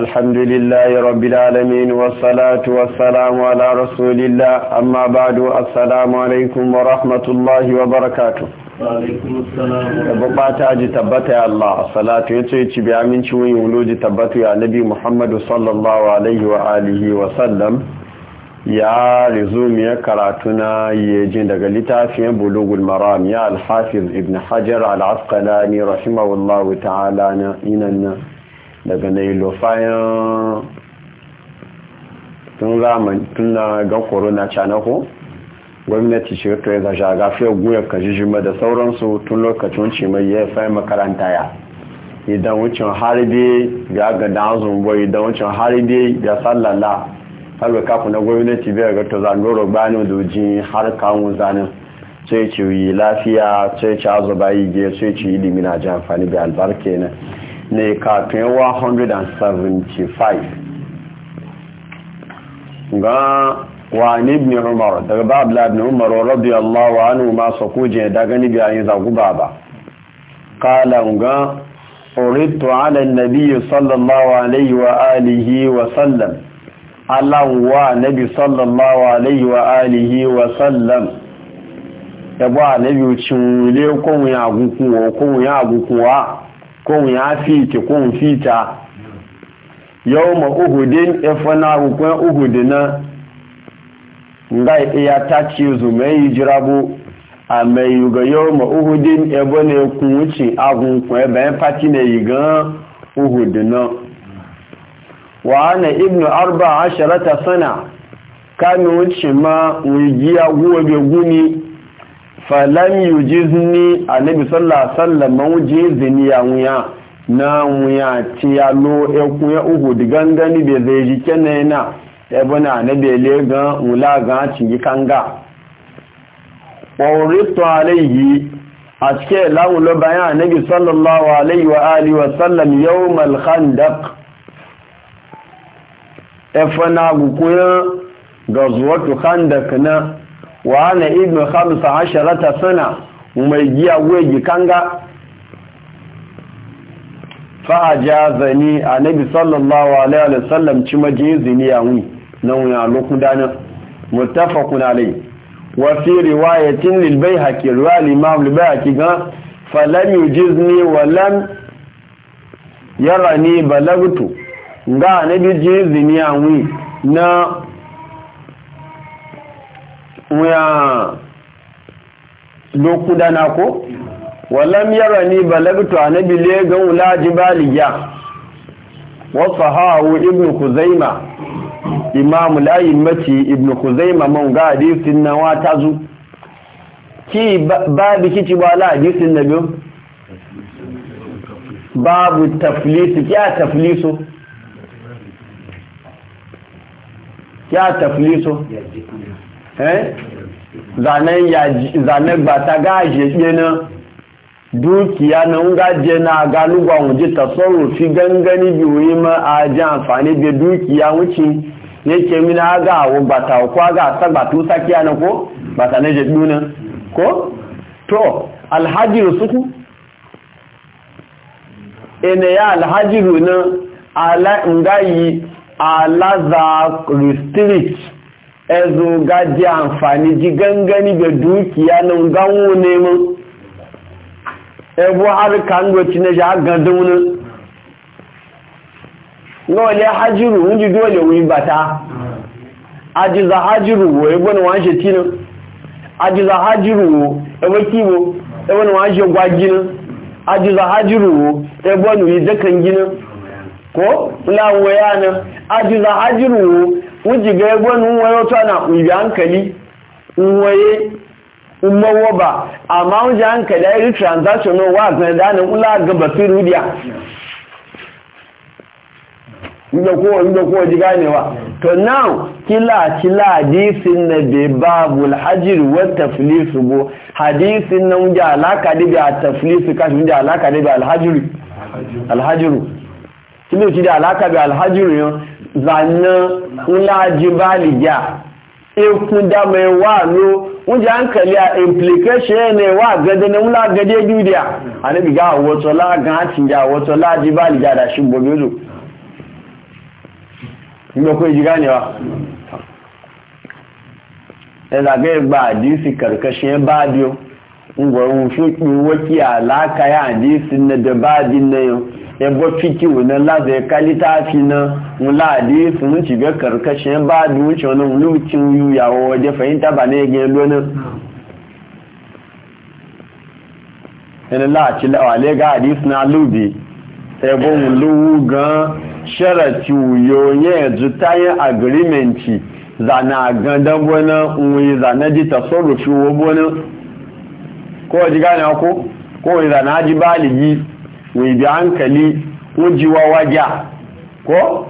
الحمد لله رب العالمين والصلاة والسلام على رسول الله أما بعد السلام عليكم ورحمة الله وبركاته bukata ji tabbata ya Allah salatu yace yace bi aminci wani wuluji tabbatu ya nabi Muhammadu sallallahu alaihi wa alihi wa sallam ya ya karatu na jin daga littafin bulugul maram ya alhafiz ibn hajar al'asqalani rahimahullah ta'ala na inanna daga na ilofayen tun zamani tun na ga corona canako gwamnati ce to yanzu shagafe goya kajijima da sauransu tun lokacin ce mai ya fi makaranta ya idan wucin haribe ga ga dazun boy idan wucin haribe ga sallala har kafin na gwamnati biyar ga ta zango rogbani da jin har kawo zanen sai ci yi lafiya sai ci azuba yi ge sai ci limi na ji amfani da albarka ne ne kafin 175 ga wani ibn umar daga ba abla ibn umar radiyallahu anu ma kuje daga ni biya ayin zagu ba kala ga uritu ala nabi sallallahu alaihi wa alihi wa sallam aláhùn wá nẹ́bí sallallahu alayhi wa alihi wa sallam ẹgbọ́ ànẹ́bí òcin ilé kóhun àgùnkùn wọ kóhun àgùnkùn wá kóhun á fìtì kóhun fìta yau ma uhudin ẹfọ́nà àgùnkùn uhudina nga iya tachi zumai jirabu a mai yuga yau ma uhudin ẹbọ́ na ekun wucin agùnkùn ya fati na yi gan uhudina wa ana ibnu arba asharata sana kami wuce ma wujiya gobe guni falam yujizni annabi sallallahu ma wasallam mawjizini ya wuya na wuya ti ya lo ekun ya ugu digangani bai zai ji kenan na ebona annabi le gan wula gan ci kanga wawuritu alaihi a cike lawun lo bayan annabi sallallahu alaihi wa alihi wasallam yawmal khandaq efana gukuya ga zuwatu khandak na wa ana ibn khamsa asharata sana mai giya wegi kanga fa ajazani annabi sallallahu alaihi wa sallam ci majizini ya na nan a lokun dana muttafaqun alaihi wa fi riwayatin lil bayhaqi riwa ruwa imam al bayhaqi ga falam yujizni wa lam yarani balagtu ga na bije zini a wi na wuya lokuda na ko walam yara ni balagtu anabi le ga wula baliya. wa sahahu ibnu kuzaima imamu layin mace ibnu kuzaima man ga hadisin na wata zu ki babu kici ba la hadisin na biyu babu taflisu a taflisu ya tafliso eh zanen gbata gaje ɗina dukiya na ngaje na galuwa wuje fi gangani biyoyi ma a ji amfani be dukiya wuce yake mina ga awo gbata ko ga ta gbatu sakiya na ko gbata na je ɗuna ko to alhajiru suku ene ya alhajiru na ala ngayi alaza restrict ezo gaji amfani ji gangani da dukiya na ganwo neman ebo har kangoci na ja gadon wani hajjiru wunji dole wuyi bata ajiza hajjiru wo ebo ni wọ́n ṣe tínú ajiza hajjiru wo ebo kíbo ebo ni wọ́n ṣe gwajinan ajiza hajjiru wo ebo ni wọ́n ṣe kan ko lawo yana ajiza ajiru wujiga egwon nwaye otu na ubi hankali nwaye umarwa ba amma wuji hankali ya yi transactional wa zai danin ula gaba firudiya inda kowa inda kowa ji ganewa to now kila kila hadisin na bai babu alhajir wa taflisu bo hadisi na wuji alaka da bi a taflisu kashi wuji alaka da bi alhajiru alhajiru ilé ti da alákàbí alhajjúrù yan zanna ńláàjí bá lè jà ikun dámọ̀ ẹwà ló ń jẹ́ àǹkàlẹ̀ à implication ẹ̀nà ẹwà gẹ́gẹ́ ní ńlá gẹ́gẹ́ dúdíà anábìgá àwọ̀tọ́ lágán àti ìjà àwọ̀tọ́ láàjí bá lè jàdà ṣe gbogbo ìgbọ́kọ́ ìjìgá ni na da ebo fiki wani lazai kalita fi na wula adi sun ci ga karkashin ba da wuce wani wulucin yuyawa waje fahimta ba ne gina lonin yana la'aci la'awale ga adi suna lubi ebo wulu gan sharati wuyo yanzu ta yin agrimenti zana gandan wani wuyi zana ji tasorofi wo wani ko ji zana ji baligi mai bi hankali wajiwa waja ko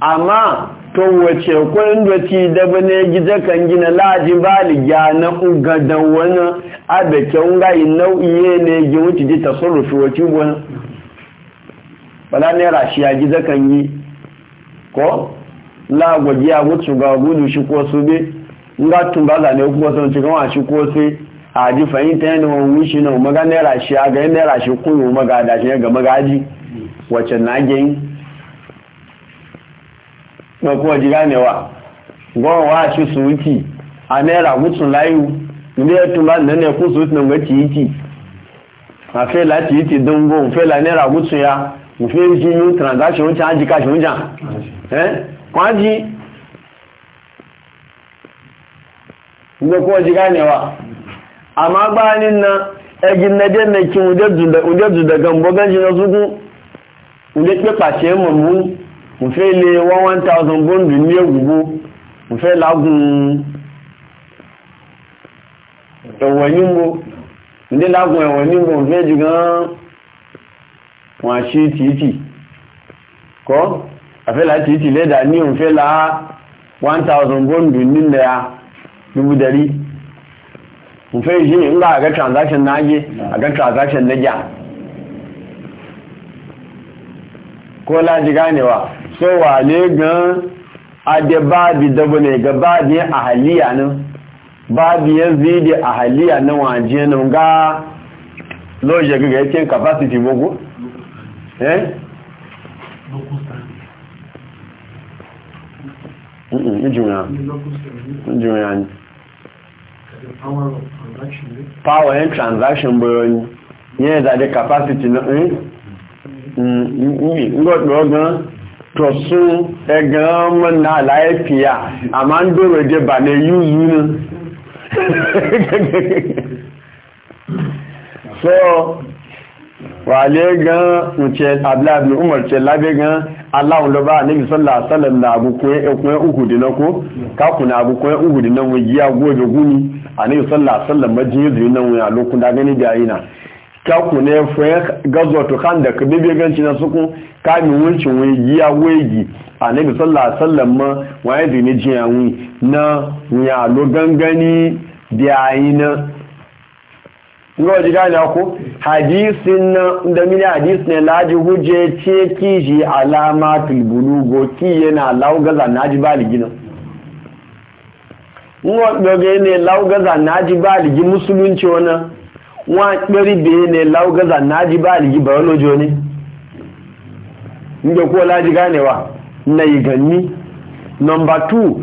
amma to wace kun doci da bane gida kan gina laji bali ya na ugadan wani abakin gai nau'iye ne gi wuce ji tasarrufi wace wani bala ne rashi ya gida kan yi ko lagwaji ya wuce ga gudu shi ko su be nga tumba zane kuma sun cikin wa shi ko sai Aji ji fahimta yana wuce na umaga naira shi a ga naira shi kun umaga da shi ga magaji wacce na gain ba kuma ji ganewa gwamnan wa shi su wuki a naira mutum layu inda ya tumba na ne kun su wuki na ga titi a fela titi don gwamnan fela naira mutum ya mufe ji yi transaction wuce an ji kashi wuce eh kwaji ne kuma ji ganewa amma bayanin na egin na den na zuda unde du daga mbogan jina zugu unde pe pàṣẹ mọ̀ mú mo fẹ́ lé one one thousand bóńdù ní ègbùgbó mo fẹ́ lágùn ẹ̀wọ̀n nímbo ndé lágùn ẹ̀wọ̀n nímbo mo fẹ́ jù titi wọ́n ṣe tìítì kọ́ àfẹ́lá tìítì lẹ́dà ní òun fẹ́ lá one thousand bóńdù nílẹ̀ a dúbú darí fai shi in ga aga transaction na yi mm. aga transaction na gya ko laji ganewa so wale gan adebabi dabo ne ga babi ahaliya nan babi yan zidi ahaliya nan waje nan ga loje ga yake capacity bogo eh Mm-mm, juya. Juya ne. Eh? power and transaction bọ̀rọ̀ yeah, that the capacity náà ń gbọ́dọ̀ gan tọ̀sún ẹgbẹ̀rún ọmọ náà láyé pìyà a máa ń dòrò jẹ bà ní yúzú ní so wà abla gan ǹkẹ́ àbíláàbí umarce lábẹ́ gan Allah wanda ba nabi sallallahu alaihi wasallam na abu ko ya ko ya uhudi na ko ka ku na abu ko ya uhudi na wa giya goje guni annabi sallallahu alaihi wasallam majin yuzi na wa lokun da gani da aina ka ku ne fa gazo to kan da kabe be ganci na suku ka mi wuncin wa giya wegi annabi sallallahu alaihi wasallam ma wa yi na ya lo gangani da na. yau ji gane ku hadisin na da mini hadis ne laji huje ce kiji alama tulbulu goki yana laugaza na ji ligina wọn ɗoge ne laugaza na ji baligi musulunci wani wọn ɗari biye ne laugaza na ji baligi biology ne inda kuwa laji ganewa na yi ganni number tu.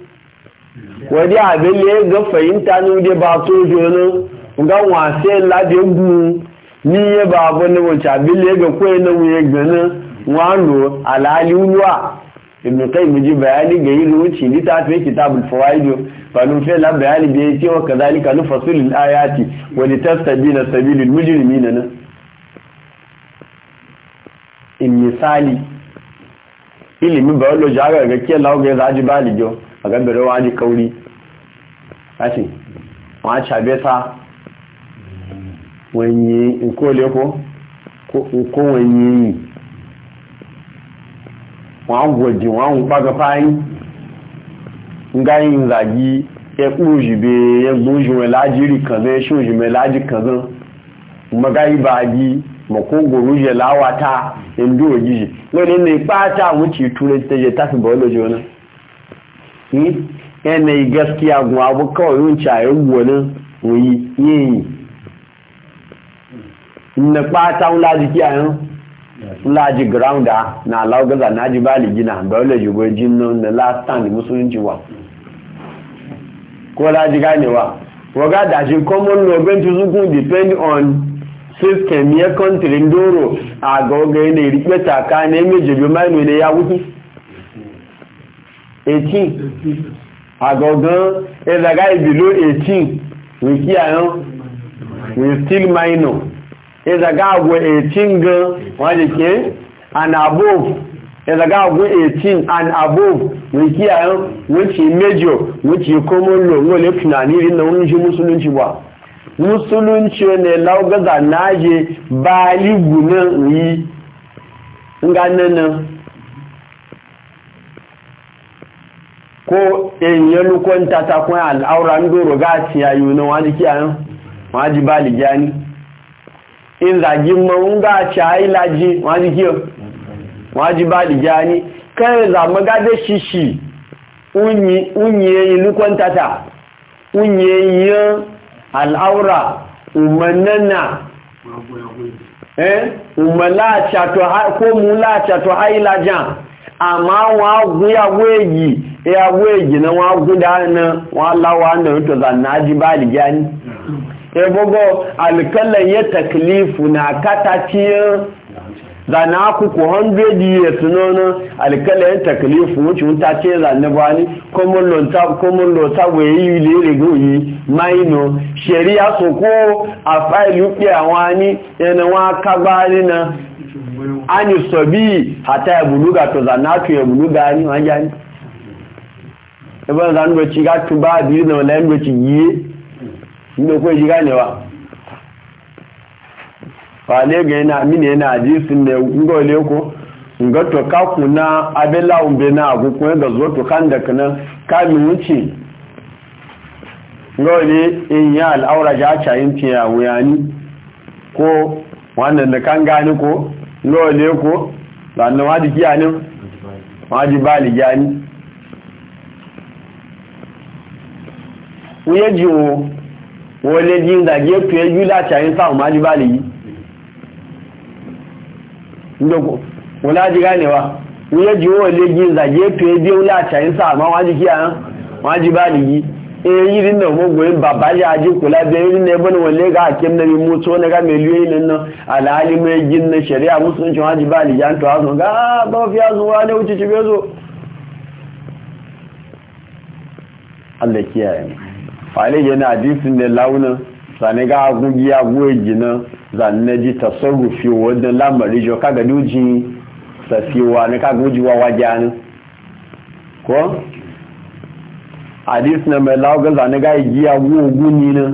wadi abin ne ga fahimta ne da ba to jono ga wase lade gu ni ya ba bo ne won abin ne ga koyi na wuye gana wano alali ulwa ibn qayyim ji bayani ga yi ruci litafin kitabul fawaid falun fe la bayani da yake wa kazalika nufasilul ayati wa litastabina sabilul mujrimina na in misali ilimin biology aga ga ke lawo ga zaji balijo a gambare wani kauri láti wọ́n á ṣàbẹ́ta wọ́n yí nkó lẹ́kọ́ nkó wọ́n yìí wọ́n á gọ̀jì wọ́n á ń pàgọ́fà yìí nga yìí ń zàgí ẹkú òṣìbẹ̀ ẹgbùn òṣìwẹ̀ láàájì rí kan náà òṣìwẹ̀ láàájì kan mọ́gá yìí bá mọ̀kó gòrò yẹ láwàtá ẹ̀ndú òjijì lónìí ní ipá àtàwọn ìtúrẹ́ tẹ́jẹ táfìbọ́ lójú ọ yanayi gaskiya gun abu kawai yin wani wuyi na kpata wula jiki a yin wula ji grounda na laugaza na ji bali gina biology gwaji na last time musulunci wa ko laji ganewa waga da shi common law bentu zukun depend on system ya country ndoro a ka na ne ya 18 agogan ezaga e below 18 e we ki ayon we still minor ezaga agwo 18 e gan wa je ke and above ezaga agwo 18 and above we ki ayon which is major which is common law wo le tunani rin na wani musulunci ba musulunci ne laugaza naje baligu nan yi nganan nan ko in ya lukwanta ta kuma al'aura an doro ga ciya yi wani wani kiyayen wani ba ligya in zagin mawun ga ciya yi laji wani kiyo wani ba ligya ni kan zama gada shishi unye yi lukwanta ta unye yi al'aura umarnana eh umarla cato ko mula cato haila jan amma ya weji na wa guda na wa lawa da to zannaji bali jani e bogo alkallan ya taklifu na katakiyar zanna ku 100 years no no alkallan ya taklifu wuce wuta ce zanne bani common law ta common law ta we yi le le go maino sharia so ko failu pe àwọn ni ene wa kagbari na ani sobi hata ya buluga to zanatu ya buluga ni wa ẹgbẹ́ ọ̀dá nínú ẹ̀kí ká tún bá àdírí náà lẹ́nu ẹ̀kí yìí nínú kó èyí gánẹ̀wà fàálẹ́gẹ̀ ẹ̀nà àmìnà ẹ̀nà àdírísì ńgọ́ ilé kó ǹgọ́ tó kákùn náà abẹ́lá òǹbẹ̀ náà àgùnkùn ẹ̀dọ̀ zọ́ tó káńdẹ̀kì náà káàmì wúchì ńgọ́ ilé èyí ko kan e gani e ko ko wájí wúyé jí o wọ́n lè jí ń dàgé pé ẹjú láti àyín sáwọn máa jíbá lè yìí ndókò wọ́n láti gánewa wúyé jí wọ́n lè jí ń dàgé pé ẹjú láti àyín sáwọn máa jí kí àyán máa jíbá lè yìí èyí rí náà mọ́ gbé bàbá yà ájí kò lábẹ́ rí náà ẹgbẹ́ wọn lè gá àkẹ́m náà mú tó náà mẹ́lú èyí lẹ́nà àlàálí méjì ní ṣẹ̀rí àmúsùn tí wọ́n jíbá lè yá ń tọ́ àzùn gá bá fi àzùn wá ní òtítì fẹ́ so Allah kiyaye mu wani yana hadisin da launa zane ga agungi agungi na zane ji tasarrufi wadda lamari jo kaga duji safiwa na kaga ujiwa wajani ko hadis na mai lauga zane ga igi agungu ni na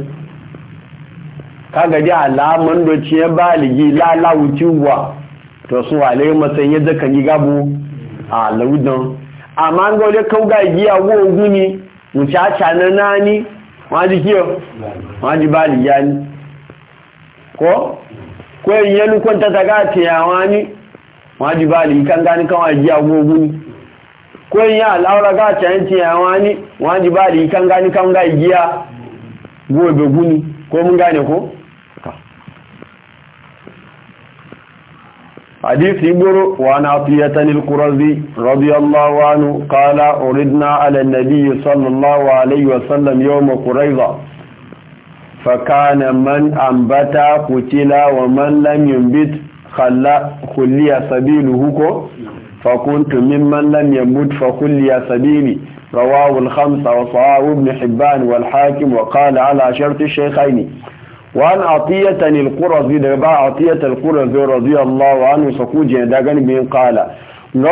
kaga di ya ba aligi baligi lalawuci wa to su wale matsayin yadda kan yi gabo a laudan amma ga wale kauga igi agungu ni mu a nani wọ́n di kí ọ wọ́n di bá lè yá ní kọ́ kó èyí ẹnu kó tàtàkà àti àwọn ní wọ́n di bá lè kánká ní káwọn àjí agbógú ní kó èyí àláwọ́lága àti àti àwọn ní wọ́n di bá lè kánká ní káwọn àjí agbógú ní kó mú gánẹ̀kọ́ حديث يقول وعن عطية القرزي رضي الله عنه قال أردنا على النبي صلى الله عليه وسلم يوم قريضة فكان من أنبت قتلا ومن لم ينبت خلي سبيله فكنت ممن لم يمت فخلي سبيلي رواه الخمسة وصاحب ابن حبان والحاكم وقال على شرط الشيخين wani atiyata ne alkurazi daga ba a atiyata alkurazi raziya Allah wa hannun sakuji ne da gani biyun kala na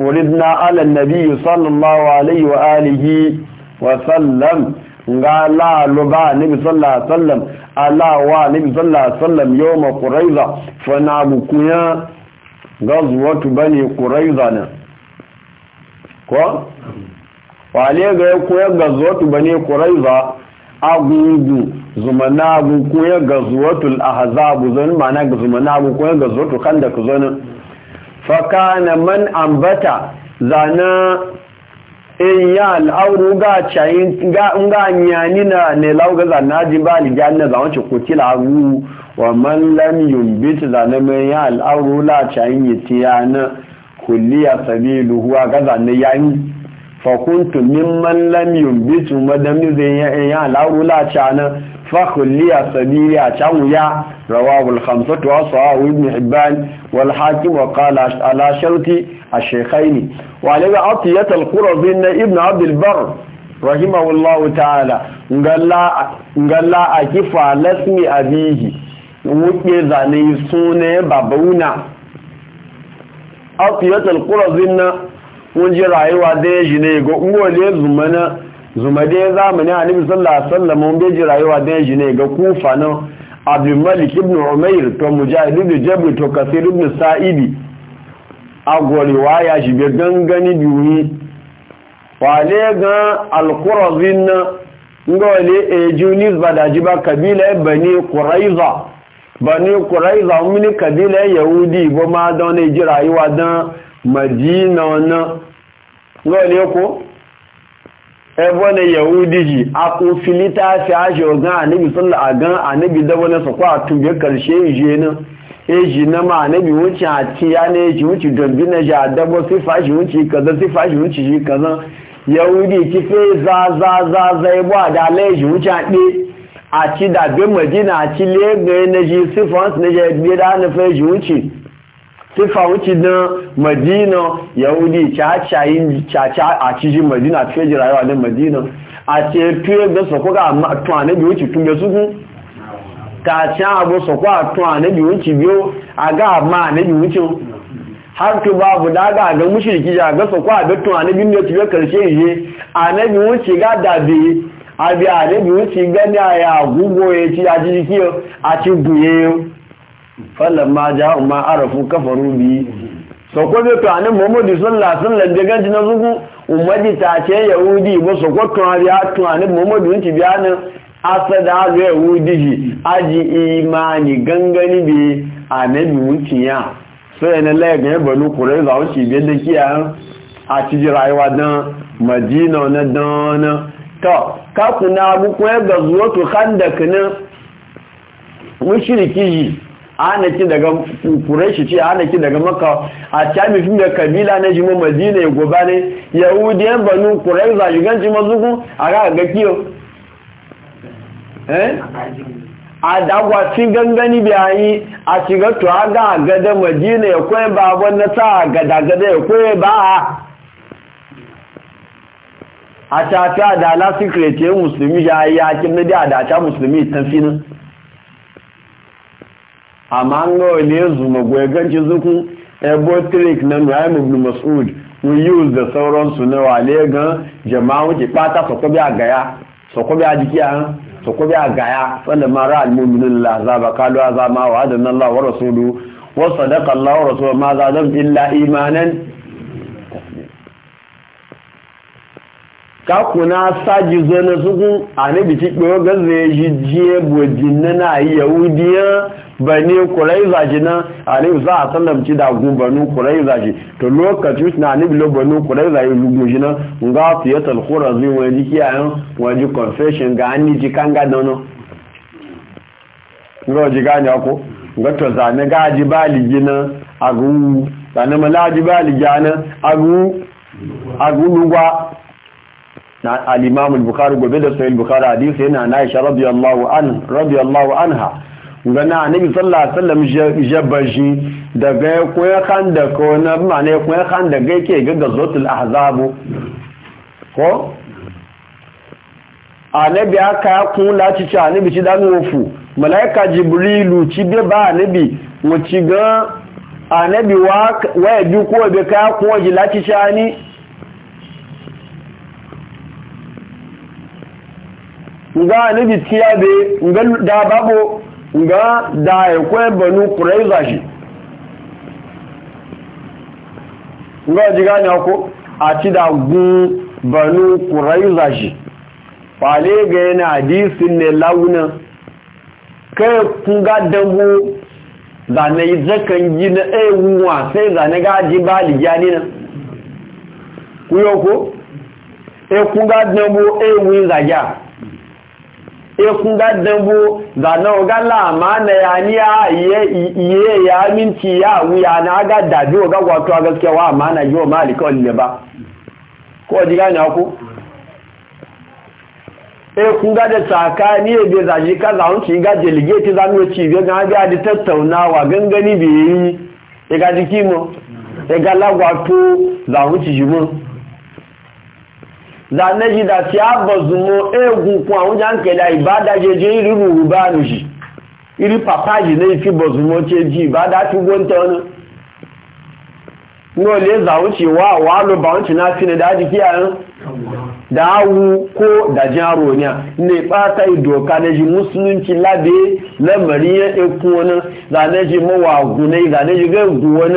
uridna ala nabiyu sallallahu alaihi wa alihi wa sallam ga lalu ba nabi sallallahu alaihi wa sallam ala wa nabi yau ma kuraiza fana bukuya gazuwatu ba ne kuraiza na ko? wale ga ya koyar gazuwatu ba ne kuraiza agungu zumana agun ko ya gazuwatul ahzabu zan mana zumana agun ko ya gazuwatul khandak zan fa kana man ambata zana in ya al'auru ga cayin ga nyani na ne lauga zana ji ba ni janna zaman ci ko kila agu wa man lam yumbit zana man ya al'auru la cayin yitiyana kulliya sabilu huwa ga zana yayin fakuntu mimman lam yumbitu madami zai ya larula cana fakhliya a can wuya rawahu al-khamsatu wa sahahu ibn hibban wal hakim wa qala ala sharti ash ne wa alayhi atiyat al-qurazi ibn abd al-barr rahimahullahu ta'ala ngalla a akifa lasmi abihi wuke zane sunan babauna ya al-qurazi mun ji rayuwa dai shi ne ga ungole zumana zuma zamani annabi sallallahu alaihi wasallam mun bai rayuwa dai shi ne ga kufa na abdul malik ibn umair to mujahid ibn jabr to kasir ibn sa'idi agwarewa ya shi bai gangani biyu ne ga alkurazin na ngole e junis badaji ba kabila bani Kuraiza. bani quraiza mun kabila yahudi ba ma don ne ji rayuwa dan madina wannan lọ́lẹ́ kó ẹgbọ́n na yahudi ji a kun filita fi aṣe ogan anabi sallah agan anabi dabo na sakwa a tube karshe ije na eji na ma anabi wuce a tiya na eji wuce dombi na ja dabo si fashi wuce kaza si fashi wuce shi kaza yahudi ki fe za za za za ebo a da laiji wuce a ɗe a ci dabe madina a ci lagos na ji sifons na ja ɗe da na fashi wuce sifa wuce na madina yahudi cacayin caca a cikin madina a cikin rayuwa na madina a ce tuye da sako ga tuwane biyu ci tun suku kacan abu sako a tuwane biyu ci biyu a ga ma na biyu ci har tu babu daga ga mushirki ya ga sako a bi tuwane biyu ci biyu karshe yi a na biyu ci ga dabi a bi a na biyu gani a ya gugu ya ci a jiki a ci guye ma ja ma arafu kafaru bi so ko be to anan muhammadu sallallahu alaihi wasallam daga na zugu ummaji ta ce yahudi bo so ko to ari atu anan muhammadu nti biyanin asada ga yahudi ji aji imani gangani bi anan mutunci ya so yana laga ya banu kurai za wuce bi da kiya a ciji rayuwa dan madina na dan to ka kuna mu ko ga zuwa to kanin ne mushriki anaki daga kureshi ce anaki daga makka a cami fi da kabila na jimo madina ya goba ne yahudiyan banu kurai yi ganci mazugu a ga ga kiyo eh? a dagwa fi gangani ayi a shiga tuwa ga gada madina ya kwaye ba ban na sa gada gada ya kwaye ba a a la secret ya musulmi ya yi yakin na da ta musulmi tafi finin amma an gawa ne yanzu magoyaganci zuku ebo trick na nuhaim ibn mas'ud we use da sauransu na wale gan jama'a wuce ɓata sokobi a gaya sokobi a jiki a sokobi a gaya wanda mara al-muminin lazaba kalu azama wa adanallah wa rasulu wa sadaqa allah wa rasulu ma zadam illa imanan kakuna saji zana suku a na biki ɓewa gaza ya ji jiye na yahudiya ba ne kurai zaji nan a ne za a sallamci da gubanu kurai zaji to lokacin na ne bilo banu kurai zaji lugushi nan ga su ya talkura zai wani jiki a eh, wani confession ga an ji kan gada nan ga ji gani ako ga to zane ga ji nan zane mala ji baligi nan lugwa na al bukari gobe da sahih bukari hadisi yana na Aisha radiyallahu an anha gana annabi sallallahu alaihi wasallam jabaji daga koya kan da ko na mane koya kan da ga ke ga gazotul ahzab ko annabi aka kun lati ci annabi ci dan wofu malaika jibrilu ci be ba annabi mu ci ga annabi wa wa ju ko be ka ko waji lati ci ani nga ne gaskiya be nga da babo nga da ya kwai banu kuraiza shi nga ji gani ko a ci da gun banu kuraiza shi fale ga yana hadisin ne launa kai kun e ga dambu zane zakan yi na ewuwa sai zane gaji ba ligani nan kuyo ko e kun ga dambu ewun zagya ekun gaddan bu da na ogala ma na ya ni a iye ya minti ya wuya na ga dabi o ga wato a gaske wa ma na yi wa malika olile ba ko ji gani ku ekun gadda tsaka ni ebe zaji ka za hunci ga delegate za mu ci ga ga ga di tattaunawa gangani bi yi ga jiki mu ga lagwato za hunci shi mu zane ji da ti abazumo egun kun àwọn janke da ibada jeje iri ruruba nuji iri papa ji ne fi bozumo ce ji ibada ti gwonta wani ní olè zàwọn ti wá wà ló bá wọn ti náà fi ní dájí kí àrùn dáwú kó dájí àrò ní à ní pátá ìdòkà lẹ́jì mùsùlùmí lábẹ́ lẹ́mọ̀rí ẹkùn wọn zànẹ́jì mọ́wà gùn ní zànẹ́jì gẹ́gùn wọn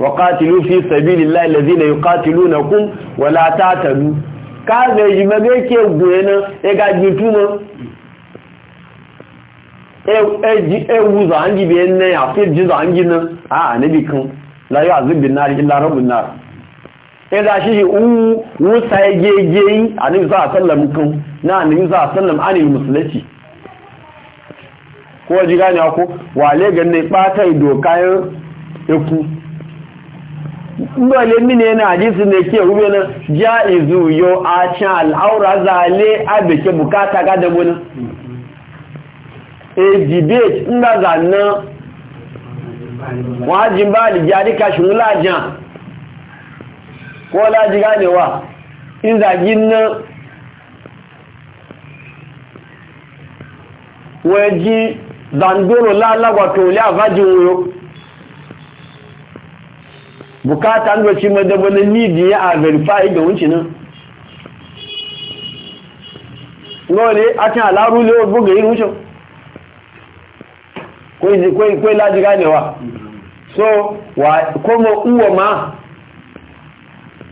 wọ́kátìlú fi sẹ̀bí lílá ilẹ̀ kabeji mage ke gwena ega jituma ewu e e zangi be ne ya fi ji zangi nan a ne bi kan la ya zubin nari illa rabbun nar e shi u wuta yegeyi annabi sallallahu alaihi wasallam na annabi sallallahu alaihi wasallam anil musulati ko ji gane ko wale doka yaku ole mine na hadisi ne ke rube na jaizu yo a cin al'aura zale a beke bukata ga da wani e debate inda zanna wajin ba da jari kashin wulajen ko laji ganewa in zagin nan waje zandoro lalagwa tole a vajin wuyo bukata lokaci madaba na need ya a verify ga wuncin nan lọ́ọ̀lẹ́ àti àlárú lé ogógè inú ṣe kó ìlàjì gáàlẹ̀ wa so wa kó mọ̀ uwọ̀ ma.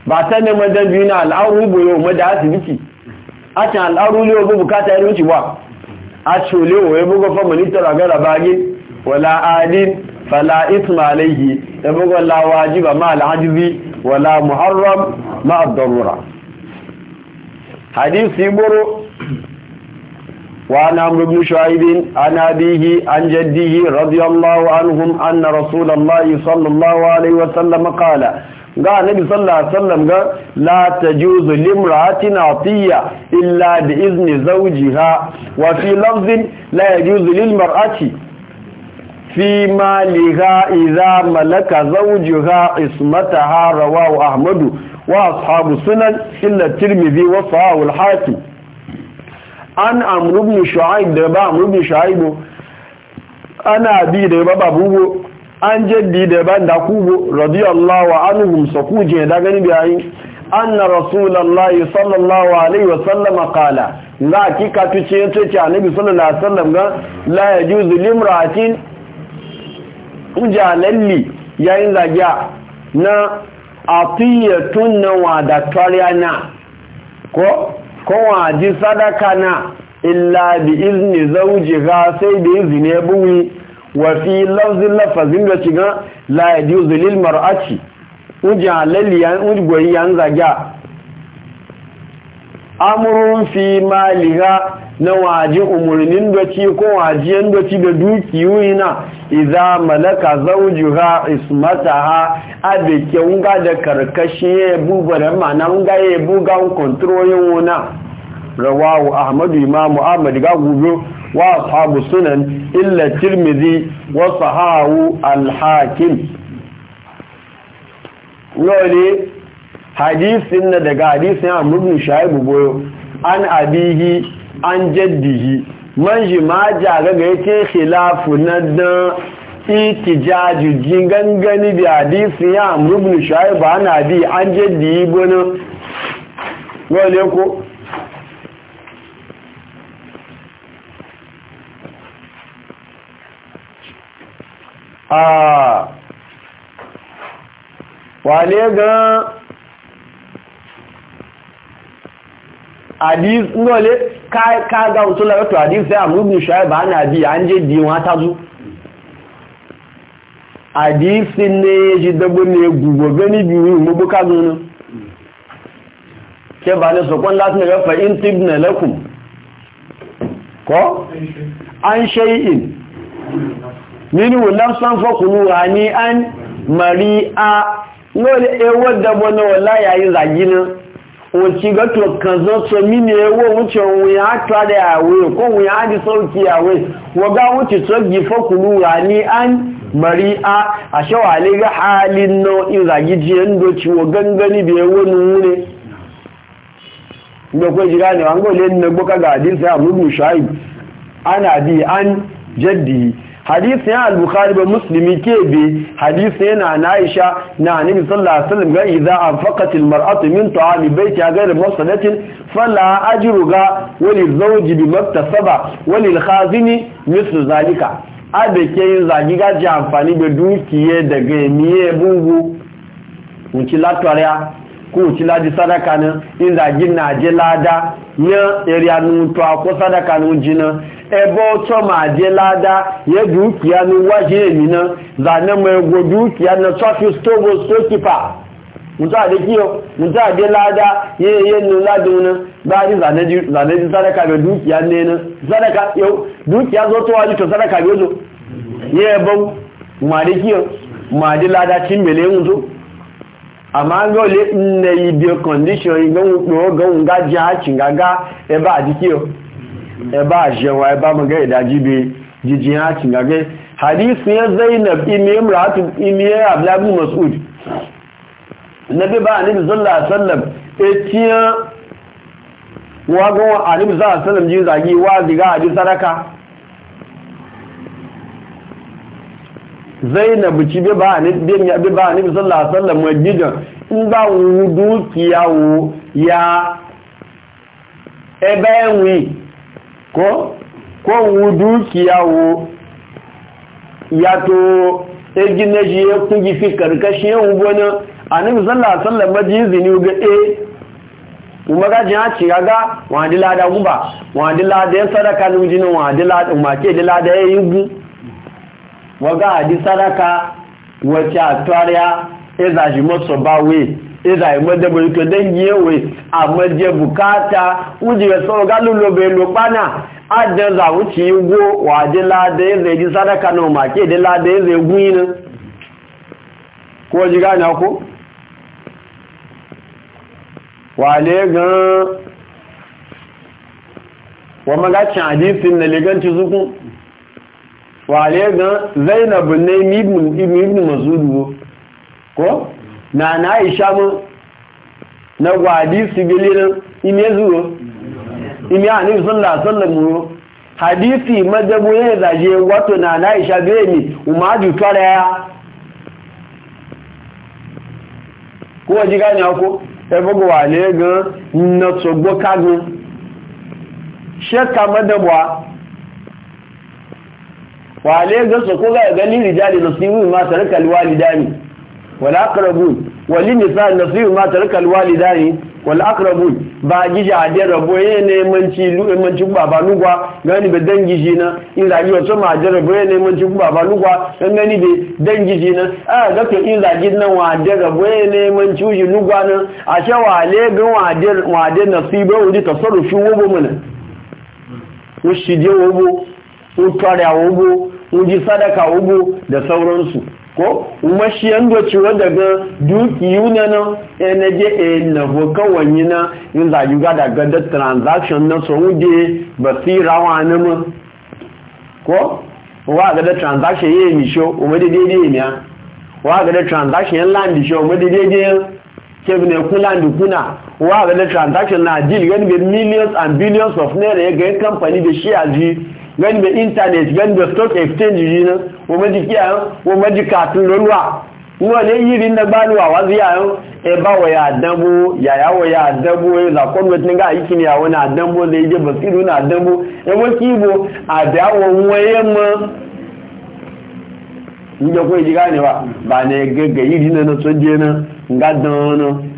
ba na mọ́dán biyu na al'aru iboyo mọ́dá asibiti àti àlárú lé ogó bukata inú ṣe wà a ṣe olè wọ́n yẹ gbogbo fọ́mọ̀ nítorà يبقى لا واجب مع العجز ولا محرم مع الضرورة حديث يبرو وعن عمرو بن شعيب عن أبيه عن جده رضي الله عنهم أن رسول الله صلى الله عليه وسلم قال قال النبي صلى الله عليه وسلم قال لا تجوز لامرأة عطية إلا بإذن زوجها وفي لفظ لا يجوز للمرأة fi maliha iza malaka zawjuha ismataha rawahu ahmadu wa ashabu sunan illa tirmidhi wa sahahu al-hakim an amru ibn shu'aib da ba amru ibn shu'aib ana bi da ba babu an jaddi da ba da kubo radiyallahu anhum sakuje da gani bayi anna rasulullahi sallallahu alaihi wasallam qala la hakika tuce yace annabi sallallahu alaihi wasallam ga la yajuzu limra'atin uja lalli yayin zagiya na atiyatun na wadatariya na ko kowa ji sadaka na illa bi zauji zawjiha sai da izini buwi wa fi lafzin lafazin da cigan la yajuzu lil mar'ati uja lalli yan ujgoyi yan zagiya amurun fi maliga na waje umarnin doci ko wajiyan doci da dukiyoyi na iza malaka zaujuha ismataha abeke nga da karkashi ya buba da mana nga ya buga kontrolin wuna rawahu ahmadu imamu ahmad ga gudu wa ashabu sunan illa tirmidhi wa sahahu al-hakim lori hadisin na daga hadisin a murnin shaibu boyo an abihi an jaddihi man ji ma jaga ga yake khilafu na dan itijaju jingangani da hadisin ya murnin shaibu an abi an jaddihi bono wale ko a ah. wale gan hadis ngole ka ka ga usula wato hadis sai amru bin shuaib ana bi an je diwa ta zu hadis ne ji dabo ne gugo gani biyu mu buka zuwa ke ba ne so kon lati ne fa in tibna lakum ko an shay'in minu nafsan fa kunu òtí gọ́tọ̀ kan zọ́ sọ mí ní ewó wúce ya yà á tàrẹ àwẹ̀ kó wọ́n ya á di sọ́ọ̀kì àwẹ̀ wọ́gá wúce sọ́gì fọ́kùnú wà ní an mari a àṣẹwà lè rí halin náà ìràgíjì ẹ̀ ń doci wọ gangani ne an na ga ana bi an jaddi hadisi ya al-bukhari ba muslimi ke bi hadisi yana na aisha na annabi sallallahu alaihi wasallam ga idza anfaqat maratu min ta'ami baytiha ghayr mufsadatin fala ajru ga wali zawji bi maktasaba wali al-khazini mithlu zalika abe ke yin zagi ga ji amfani da dukiye daga miye bugu kunci latwariya ko ci ladi sadaka ne in zagin na je lada yan area nutuwa ko sadaka ne jina ebe ọtọ ma je lada ya dukiya ni waje emi na zane mai egwo dukiya na tọfi stobo stokipa mutu ade kiyo mutu ade lada ya yi nnu lada wuna ba ni zane ji sadaka bai dukiya ne na sadaka yau dukiya zo to waje to sadaka bai zo ya ebe ma de kiyo ma de lada cin mele wuzo amma ga ole nne ibi condition ga wukpo ga wunga ji hacin gaga ebe a jikiyo ẹbá àṣẹwà ẹbá mọ̀gẹ́ ìdájíbe jíjìn àti gàgẹ́ hadith yẹn zainab imir imrat imir abdullahi masud nabi ba anibi sallallahu alaihi wa etiyan a anibi sallallahu alaihi ji zagi wa ziga sadaka ci bi ba bi in ba wudu ya ebe enwi ko ko wudu kiyawo yato ji ya kungi fi karkashin yan ubona annabi zalla alaihi wasallam maji izini ga e eh, kuma ga jin haci ga wa di da guba wa di da ya sadaka ni jinin wa di da ma ke di da ya yi gu wa ga di sadaka wace a tariya ya zaji masu ba ìdá ìmọ́jẹ́bò ìkẹ́ dẹ́yìn ewé àmọ́jẹ́ bukata wújìyẹ sọ́rọ̀ gálùlọ́bẹ̀ èlò pánà ájẹ́zà wúchí igbó wà déládé ẹ̀rẹ̀ ìdí sádákà náà mà kí èdéládé ẹ̀rẹ̀ egún inú gan gan zainab ní ibùn ko na na aisha mu na gwadi su ime zuwo ime a nufi sun lasallar muro hadisi madabu ya zaje wato na na aisha biye ne umaru tara ya kowa ji gani ako ebe gwale ga na tsogbo kagun shekka madabuwa wale ga su koga ga ganin rijali na su yi ma sarakar walidani والأقربون وللنساء نصيب ما ترك الوالدان والأقربون باجي جادي ربو يني منشي منشي بابا نغوا غني بدنجي جينا إن زاجي وتو ما جادي ربو يني منشي بابا نغوا غني دي دنجي جينا آه زكي إن زاجي نا وادي ربو يني منشي جي نغوا نا أشا والي غن وادي وادي نصيب ودي تصرف شو وبو منا وشي دي وبو وطاري وبو وجي صدقة وبو da sauransu ko mashiyan doci wadda ga dukiyu eh, na nan energy eh, na kawai na yin zayu ga daga da transaction na saudi basira rawa na mu ko wa ga da transaction yi mi sho o mu daidai ne ya wa ga da transaction yan land sho o mu daidai ke bi ne ku land kuna wa ga da transaction na deal ga millions and billions of naira ga company da shi aji gani da intanet gani da stock exchange yi nan wọ́n mọ́ di kí àyán wọ́n mọ́ di yiri na wọ́n lè yìí ya nígbà ní wà wázi àyán ẹbá ya àdánbó na wọ̀ya àdánbó ìlàkọ́gbẹ̀ tí nígbà na kìíní àwọn àdánbó lè dambo bọ̀sílù eh, ní àdánbó ẹwọ́n kí ibo àdáwọ̀ wọn yẹ mọ́ níjọ́ kó ìjìká ni wa bà ní gẹ́gẹ́ yìí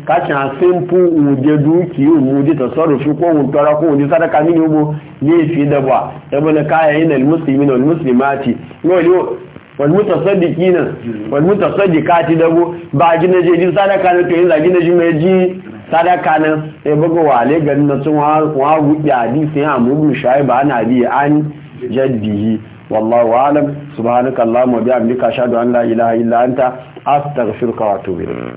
kacha simpu wuje duki wuje tasarrufi ko wutara ko wuje sadaka mini ubo ne fi da ba ibn kayayin almuslimin wal muslimati yo wal mutasaddiqina wal mutasaddiqati da bo ba gina bi